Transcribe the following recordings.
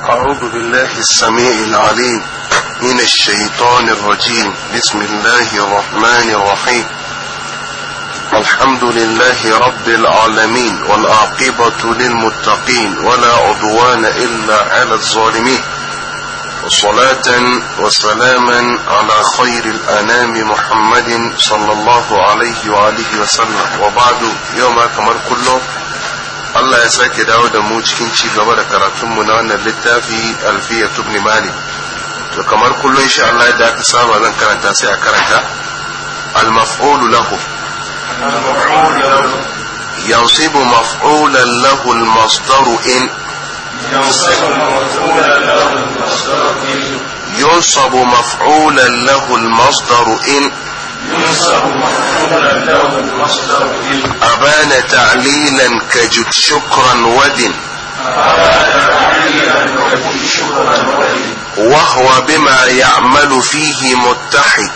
أعوذ بالله السميع العليم من الشيطان الرجيم بسم الله الرحمن الرحيم الحمد لله رب العالمين والعاقبة للمتقين ولا عدوان إلا على الظالمين وصلاة وسلاما على خير الأنام محمد صلى الله عليه وآله وسلم وبعد يوم أكمل كله Allah ya sake dawo da mu cikin ci gaba da karatunmu na wannan littafi alfiya tubni mali to kamar kullum insha Allah da aka saba zan karanta sai a karanta al-maf'ulu lahu ينصب مفعولا له المصدر إن ينصب مفعولا له المصدر إن ينصب مفعولا له المصدر إن أبان تعليلا كجد شكرا ودن وهو بما يعمل فيه متحد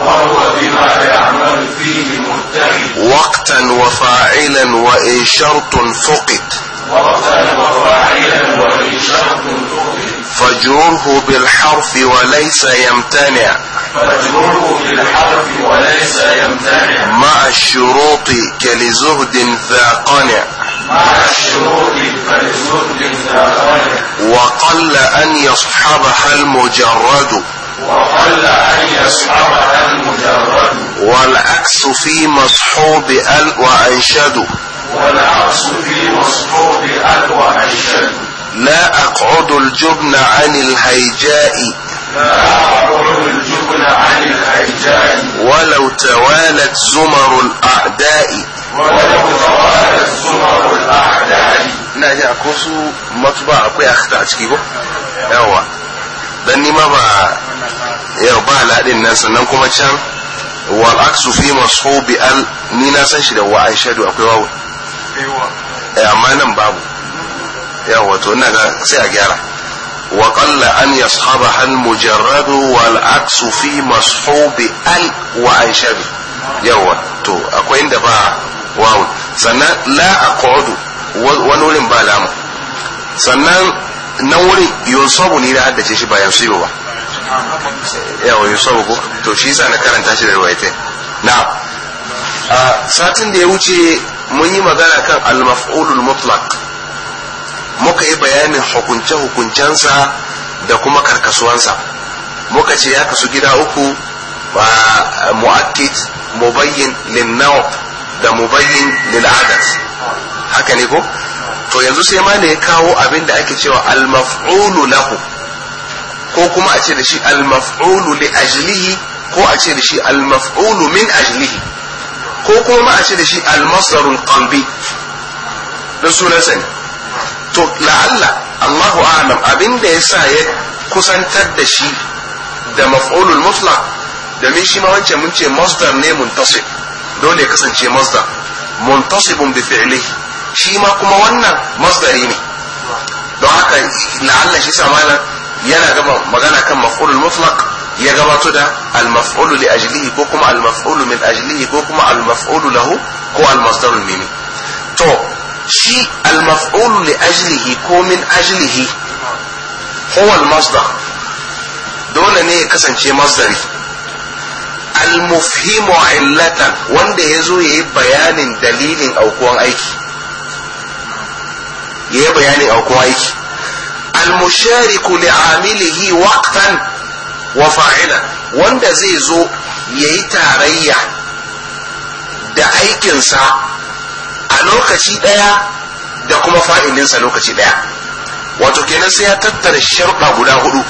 وهو بما يعمل فيه متحد وقتا وفاعلا وإن شرط فقد وقتا وفاعلا وإن شرط فقد فجره بالحرف وليس يمتنع فيجره في الحرف وليس يمتنع مع الشروط كلزهد ذا قنع مع الشروط كلزهد ذا قنع وقل أن يصحبها المجرد وقل أن يصحبها المجرد والعكس في مصحوب أل وأنشد والعكس في مصحوب أل وأنشد لا أقعد الجبن عن الهيجاء ولو توالت زمر الأعداء ولو توالت زمر الأعداء ina ji akwai su matuba akwai akhta a ciki ko yawa dan nima ba ya ba ladin nan sannan kuma can wal aksu fi mashubi al ni na san shi da wa anshadu akwai wawo eh amma nan babu yawa to ina ga sai a gyara وقل أن يصحبها المجرد والعكس في مصحوب أل وأنشبه yawa to akwai inda ba wawu sannan la aqudu wani wurin ba lamu sannan nan wurin yunsabu ni da haddace shi ba ba ko to shi sa na karanta shi da riwayatai na satin da ya wuce mun yi magana kan al-maf'ulul mutlak muka yi bayanin hukunce-hukuncensa da kuma karkasuwansa muka ce ya kasu gida uku mu'akkit mubayyin linnaw da mubayyin lil'adat haka ne ko to yanzu sai ma ne ya kawo abin da ake cewa al-maf'ulu lahu ko kuma a ce da shi al-maf'ulu li ajlihi ko a ce da shi al-maf'ulu min ajlihi ko kuma a ce da shi al-masdarul qalbi da sunan ne to la'alla Allahu a'lam abin da ya kusantar da shi da maf'ulul mutlaq domin shi ma wancan mun ce masdar ne muntasib dole ya kasance masdar muntasibun bi fi'lihi shi ma kuma wannan masdari ne don haka la'alla shi samana yana gaba magana kan maf'ulul mutlaq ya gabato da al-maf'ulu li ajlihi ko kuma al-maf'ulu min ajlihi ko kuma al-maf'ulu lahu ko al-masdarul mimi to shi al-maf'ulu li ajlihi ko min ajlihi huwa al dole ne ya kasance masdari al-mufhimu illatan wanda ya zo ya yi bayanin dalilin aukuwan aiki ya yi bayanin aukuwan aiki al-mushariku li amilihi waqtan wa fa'ilan wanda zai zo ya yi tarayya da aikinsa a lokaci ɗaya da kuma fa'ilinsa lokaci ɗaya wato kenan sai ya tattara sharuɗa guda hudu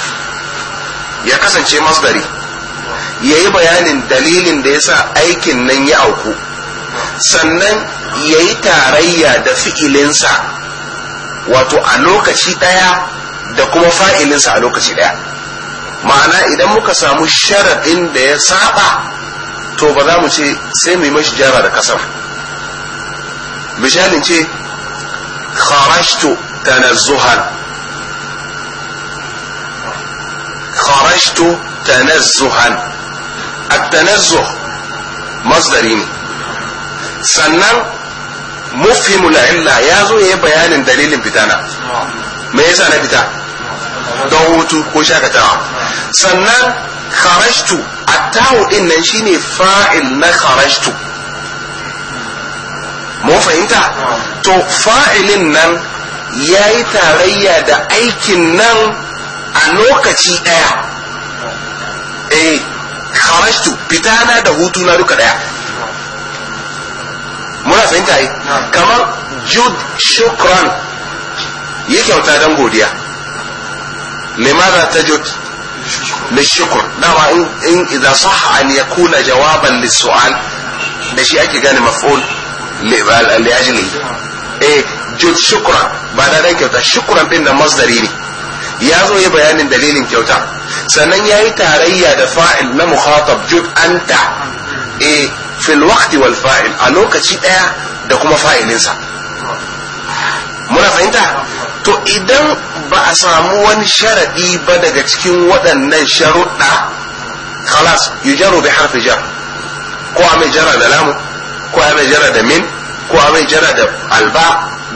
ya kasance masdari ya yi bayanin dalilin da ya sa aikin nan ya auku sannan ya yi tarayya da fi'ilinsa wato a lokaci ɗaya da kuma fa'ilinsa a lokaci ɗaya ma'ana idan muka samu sharaɗin da ya saba to ba za mu ce sai mu yi mashi jara da kasar misalin ce kharashtu tanazzuhan kharashtu tanazzuhan at-tanazzuh masdari ne sannan mufhimul illa ya zo ya bayanin dalilin fitana me yasa na fita don hutu ko shakatawa sannan kharashtu at-ta'u din nan shine fa'il na kharashtu mun fahimta to fa'ilin nan ya yi tarayya da aikin nan a lokaci ɗaya eh kharashtu fita na da hutu na duka ɗaya muna fahimta yi kamar jud shukran ya kyauta don godiya limara ta jud للشكر دعوة إن, إن إذا صح أن يكون جوابا للسؤال ده أكي كان مفعول li'ajli eh jud shukra ba da dai kyauta shukran din da masdari ne ya zo ya bayanin dalilin kyauta sannan ya yi tarayya da fa'il na mukhatab jud anta eh wal fa'il a lokaci daya da kuma fa'ilinsa muna fahimta to idan ba a samu wani sharaɗi ba daga cikin waɗannan sharuɗa khalas yujaru bi harfi jar ko a mai jara da lamu ko a mai jara da min ko a mai jara da alba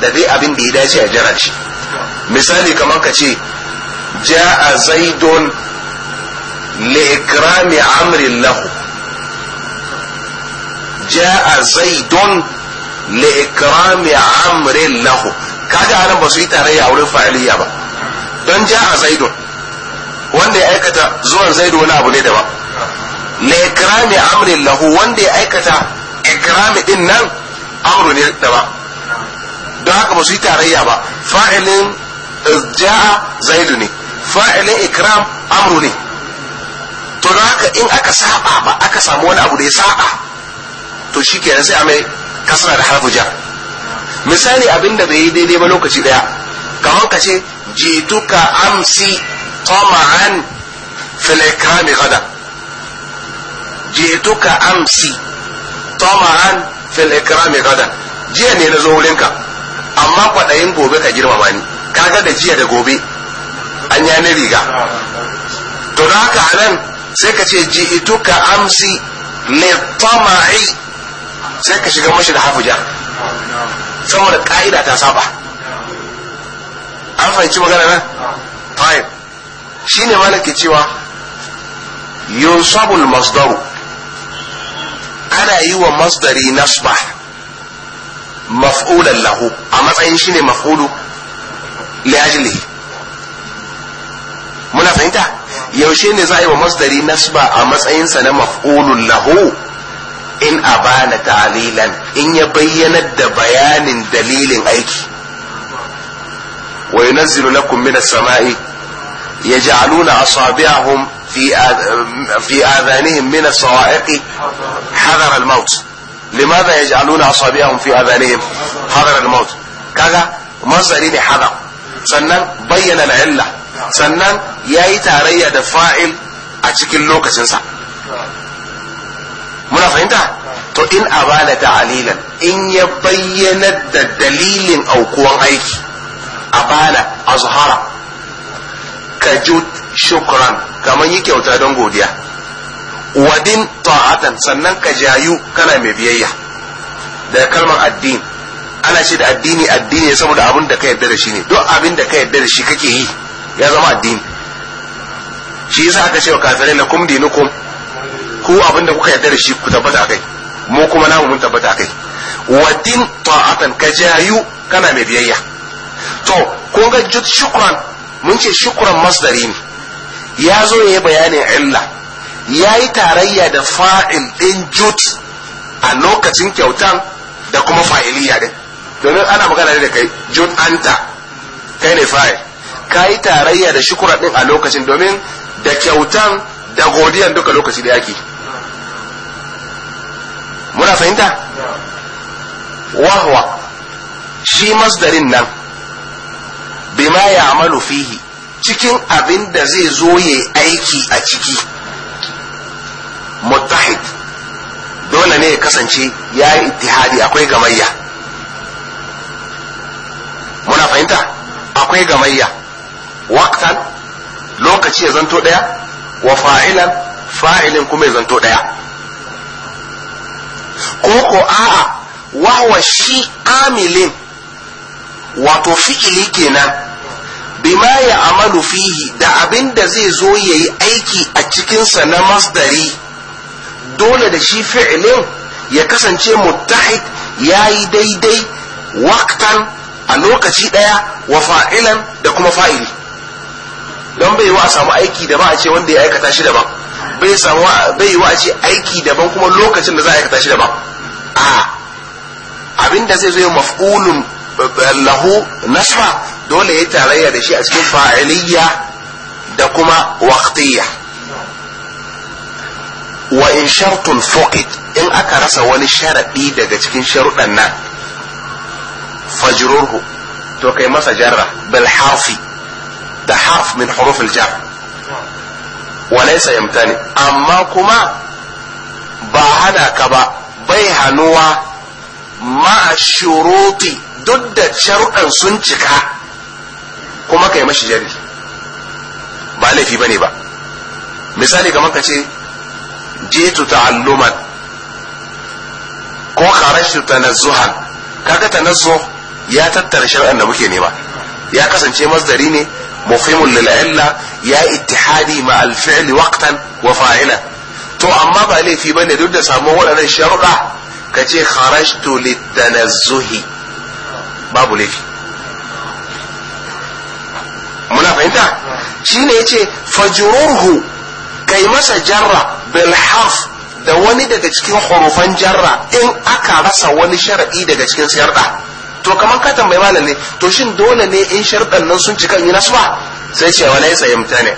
da dai abin da ya dace a jara shi misali kamar ka ce ja'a zaidun li ikrami amrin lahu ja'a zaidun li ikrami amrin lahu kaga anan ba su yi tarayya a wurin fa'iliya ba don ja'a zaidun wanda ya aikata zuwan zaidu wani abu ne daban li ikrami amrin lahu wanda ya aikata kirami din nan amru ne da ba don haka ba su yi tarayya ba fa'ilin ja'a zaidu ne fa'ilin ikram amru ne to don haka in aka saba ba aka samu wani abu da ya saba to shi ke sai a mai kasana da harfu jar misali abin da bai yi daidai ba lokaci daya kamar ka ce jituka amsi tama'an fil gada jituka amsi tama'an fil ikrami gada jiya ne na zo wurinka amma kwaɗayin gobe ka girmama ni kaga da jiya da gobe an ya na riga to da haka a nan sai ka ce ji'ituka amsi li tama'i sai ka shiga mashi da hafuja saboda ka'ida ta saba an fahimci magana nan fine shine malaka cewa yunsabul masdaru ana yi wa masdari nasba maf'ulan lahu a matsayin shi ne maf'ulu liajili muna fahimta yaushe ne za a yi wa masdari nasba a matsayinsa na maf'ulun lahu in bana ta'lilan in ya bayyanar da bayanin dalilin aiki wa yunazzilu lakum minas sama'i yaj'aluna asabi'ahum في في اذانهم من الصواعق حذر الموت لماذا يجعلون اصابعهم في اذانهم حذر الموت كذا ما زالين حذر سنن بين العله سنن يا تاريه ده فاعل اتشكل لوكاسن سا منا فهمت تو ان ابال تعليلا ان يبين الدليل او كون ايكي ابال اظهر كجود shukran kamar yi kyauta don godiya wadin ta'atan sannan ka jayu kana mai biyayya da kalmar addini ana ce da addini addini ne saboda abin da ka yarda da shi ne duk abin da ka yarda da shi kake yi ya zama addini shi yasa aka ce wa kafirai kum dinukum ku abin da kuka yarda da shi ku tabbata akai mu kuma namu mun tabbata akai wadin ta'atan ka jayu kana mai biyayya to kun ga shukran mun ce shukran masdari ne ya zo ya yi bayanin illa ya yi tarayya da fa'il ɗin jut a lokacin kyautan da kuma fa'iliya din domin ana magana da kai jut anta kai ne fa'il ka yi tarayya da shukura ɗin a lokacin domin da kyautan da godiyan duka lokaci da yaki muna fahimta wahwa shi masdarin nan bima ya amalu fihi cikin abin da zai zo ya aiki a ciki muttahid dole ne ya kasance ya yi ittihadi akwai gamayya muna fahimta akwai gamayya waktan lokaci ya zanto daya wa fa'ilan fa'ilin kuma ya zanto daya ko ko a'a wawa shi amilin wato fi'ili kenan bima ya amalu fihi da abin da zai zo ya yi aiki a cikinsa na masdari dole da shi fi'ilin ya kasance muttahid ya yi daidai waktan a lokaci ɗaya wa fa'ilan da kuma fa'ili don bai wa a samu aiki daban a ce wanda ya aikata shi daban bai samu bai wa a ce aiki daban kuma lokacin da za a aikata shi daban a abin da zai zo ya maf'ulun eh, lahu nasfa dole ya tarayya da shi a cikin fa'iliya da kuma waqtiyya wa in shartun fokit in aka rasa wani sharaɗi daga cikin sharuɗan nan fajrurhu to kai masa jarra bil harfi da harf min huruf jar wa laysa yamtani amma kuma ba hana ka ba bai hanuwa Ma shuruti duk da sharuɗan sun cika kuma kai mashi jari ba laifi ne ba misali kamar ka ce jitu ta'alluman ko kharajtu tanazzuhan kaga tanazzuh ya tattara shar'an da muke nema ya kasance masdari ne mufhimul lil ya ittihadi ma al fi'l waqtan wa fa'ila to amma ba laifi bane duk da samu waɗannan sharuɗa kace kharajtu litanazzuhi babu laifi muna fahimta shine yace fajruhu kai masa jarra bil harf da wani daga cikin hurufan jarra in aka rasa wani shar'i daga cikin sharda to kamar ka tambayi malam ne to shin dole ne in sharɗan nan sun cika yi nasu sai ce wala yasa yamtane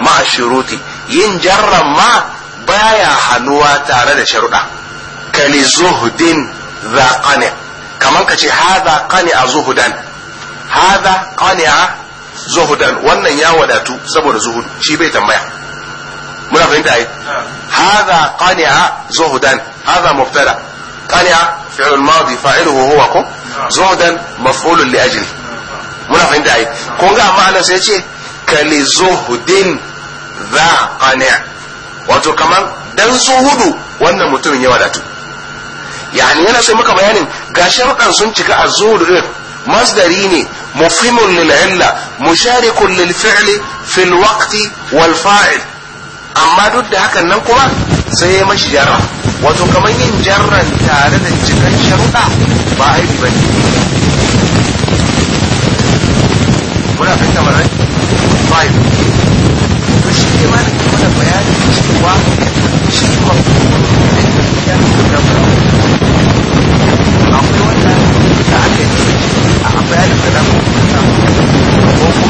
ma shuruti yin jarra ma baya hannuwa tare da sharuɗa kali zuhudin za qani kamar ka ce hadha a zuhudan hadha qani a zuhudan wannan ya wadatu saboda zuhud shi bai tambaya muna fahimta ai hadha qani'a zuhudan hadha mubtada qani'a fi'l madi fa'iluhu huwa ku zuhudan maf'ulun li ajli muna fahimta ai kun ga ma'ana sai ce kali zuhudin za qani'a wato kaman dan zuhudu wannan mutumin ya wadatu yani yana sai muka bayanin ga sharuɗan sun cika a zuhudu masdari ne مفهم للعلة مشارك للفعل في الوقت والفاعل أما دود هكا ننقوا سيما شجرة وتكمن جرا تارد الجنة شرطة باهي بني ولا فتا مرة طيب تشكي مانا كمانا بيان شكوا شكوا مقبول مقبول مقبول مقبول مقبول مقبول Правильно, когда мы там,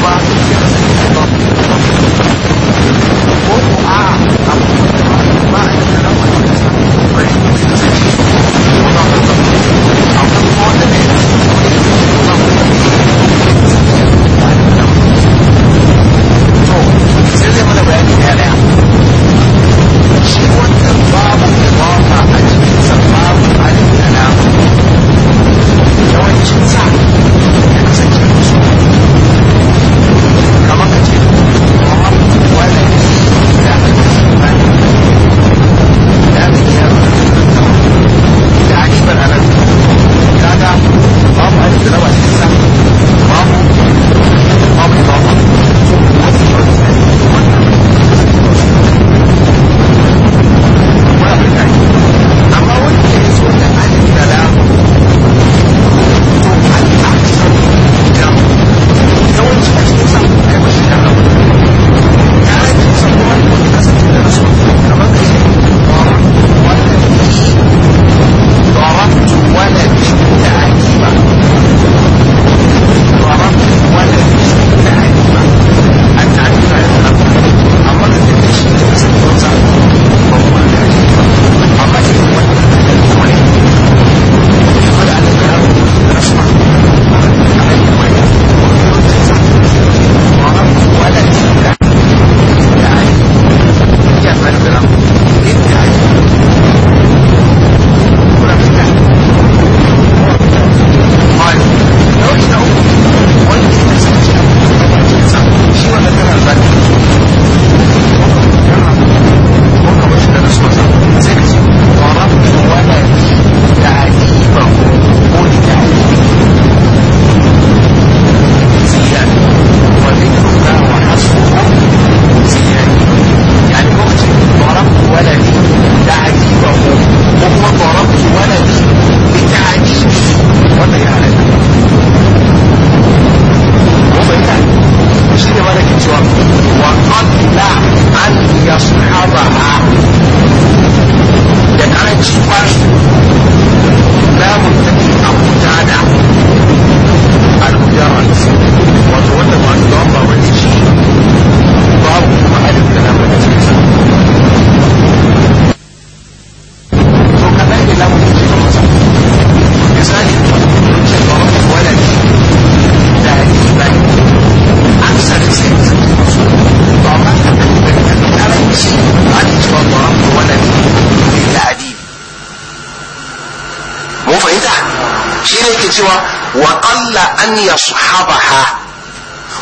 wa qalla an yashabaha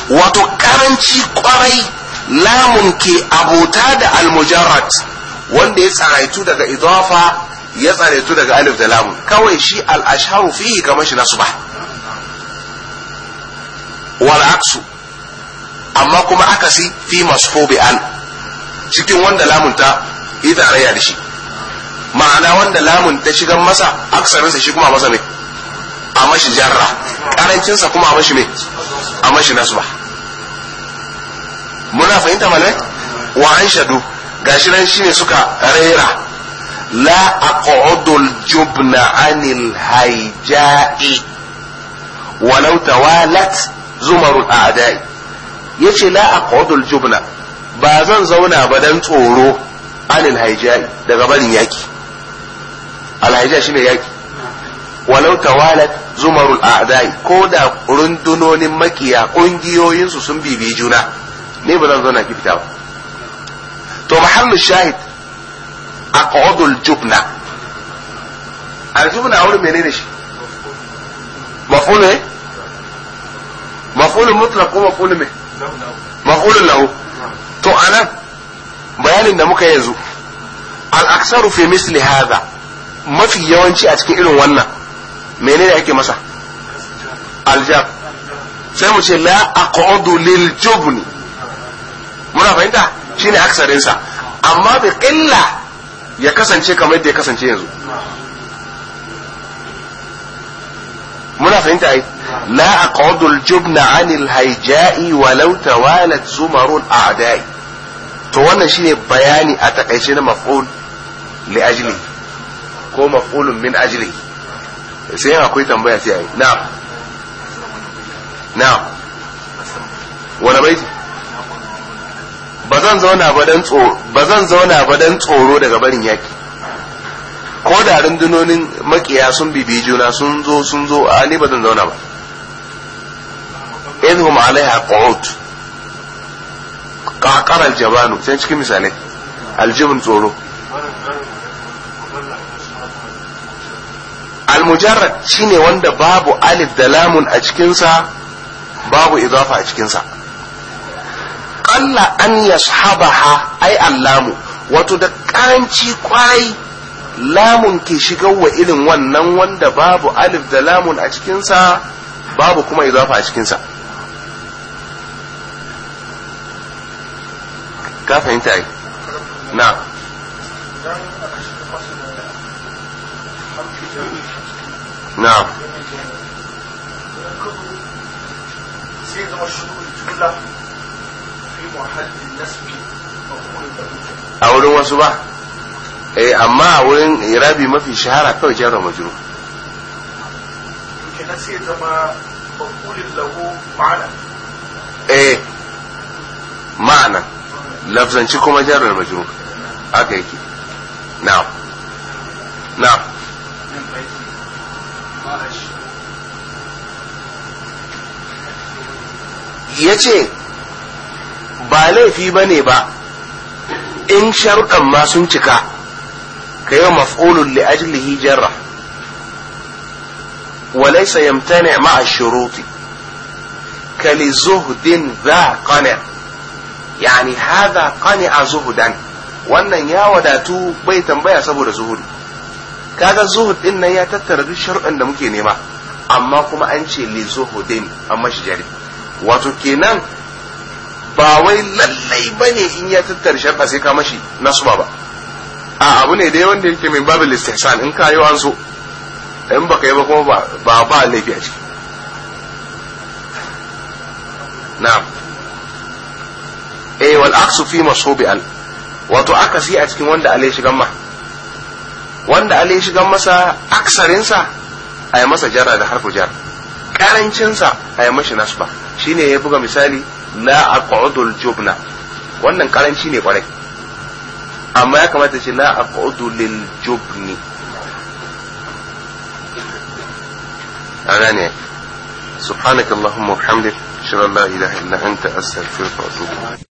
wato karanci kwarai lamun ke abota da almujarrad wanda ya tsaraitu daga idafa ya tsaraitu daga alif da lamun kawai shi al-ashharu fihi kamar shi nasu ba wal aksu amma kuma akasi fi masfubi an cikin wanda lamun ta yi tarayya da shi ma'ana wanda lamun ta shigar masa sa shi kuma masa mai a mashi jarra karancinsa kuma a mashi me a mashi nasba muna fahimta malamai wa an shadu gashi nan shine suka rera la aq'udul jubna anil haija'i walau tawalat zumarul a'da'i yace la aq'udul jubna ba zan zauna ba dan tsoro anil haija'i daga barin yaki al haija'i shine yaki walau tawalat zumarul a'dai ko da rundunonin makiya su sun bibi juna ne ba zan na ki fitawa. ba to muhammad shahid aqadul jubna jubna wurin menene shi mafulu ne eh? mafulu mutlaq ko mafulu me mafulu lahu to anan bayanin da muka yanzu al aksaru fi misli hadha mafi yawanci a cikin irin wannan menene ake masa aljab sai mu ce la aq'udu lil jubni muna fahimta shine aksarin sa amma bi qilla ya kasance kamar yadda ya kasance yanzu muna fahimta ai la aq'udu al jubna anil hayja'i walau tawalat zumarul a'da'i to wannan shine bayani a takaice na maf'ul li ajli ko maf'ulun min ajli sai akwai tambaya sai ayi na na wani baiti ba zan zauna ba dan tsoro zauna ba dan tsoro daga barin yaki ko da rundunonin makiya sun bibi juna sun zo sun zo a ni ba zan zauna ba idhum alaiha qu'ud qaqara aljabanu sai cikin misalai aljibun tsoro al-mujarrad shine wanda babu alif da lamun a cikinsa babu idafa a cikinsa qalla an yashabaha ay allamu wato da kanci kwai lamun ke shiga wa irin wannan wanda babu alif da lamun a cikinsa babu kuma idafa a cikinsa ka fahimta ai na نعم سيد مشهور جملة في موحد النسب أو أما وين يرابي ما في شهارة كو جارة مجروح يمكن نسيت ما مقول له معنى ايه معنى لفظا شكو مجرور مجروح اوكي نعم ya ce ba laifi ba ne ba in sharuɗan ma sun cika ka yi maf'ulun li ajlihi jarra وليس يمتنع مع الشروط كلزهد ذا قنع يعني هذا قنع zuhdan wannan ya wadatu bai tambaya saboda zuhuri kaga zuhud din nan ya tattara duk sharuɗan da muke nema amma kuma an ce li zuhudin amma shijari wato kenan ba wai lallai bane in ya tattara sharɗa sai ka mashi nasu ba a abu ne dai wanda yake min babu istihsan in ka yi an so in baka yi ba kuma ba ba laifi a ciki na'am eh wal aksu fi masubi al wato akasi a cikin wanda alai shigan ma wanda alai shigan masa aksarinsa a yi masa jara da harfu jar karancinsa a yi mashi ba shine ya buga misali la aqudul jubna wannan karanci ne kwarai amma ya kamata shi la aqudu lil jubni ana ne subhanakallahumma wa bihamdika ashhadu an la ilaha illa anta astaghfiruka wa atubu